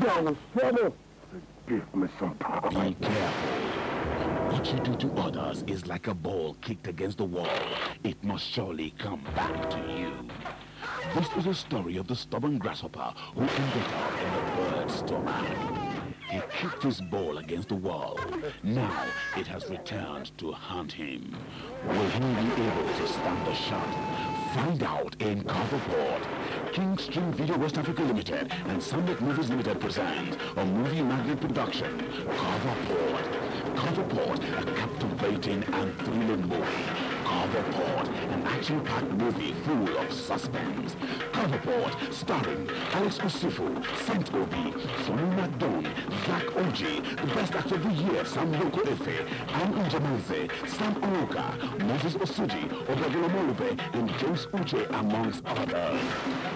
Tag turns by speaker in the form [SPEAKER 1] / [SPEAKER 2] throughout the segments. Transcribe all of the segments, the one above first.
[SPEAKER 1] Give me some power. Be
[SPEAKER 2] careful. What you do to others is like a ball kicked against the wall. It must surely come back to you. This is a story of the stubborn grasshopper who ended up in the bird's stomach. He kicked his ball against the wall. Now it has returned to haunt him. Will he be able to stand the shot Find out in Coverport. Kingstream Video West Africa Limited and Summit Movies Limited present a movie magnet production, Coverport. Coverport, a captivating and thrilling movie. Coverport, an action-packed movie full of suspense. Coverport, starring Alex Kusifu, Saint Obi, Fuji, Best Actor of the Year, Sam Yoko Efe, Anne Sam Onoka, Moses Osuji, Obagelo Molube, and James Uche, amongst others.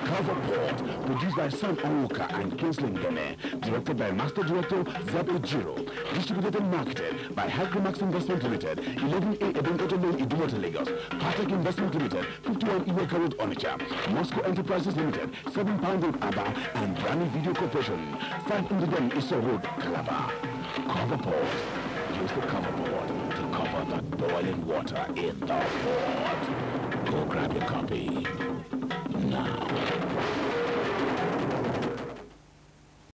[SPEAKER 2] Cover Port, produced by Sam Onoka and Kinsley Ngene, directed by Master Director Zeb Ejiro, distributed and marketed by Hycromax Investment Limited, 11A Ebenkoto Lane, Idumota, Lagos, Patek Investment
[SPEAKER 1] Limited, 51 Iweka Road, Onitsha, Moscow Enterprises Limited, 7 Pound Road, Abba, and Brani Video Corporation, 5 Indudem, Issa Road, grabber. Cover board.
[SPEAKER 3] Use the cover board to cover the boiling water in the board. Go grab your copy.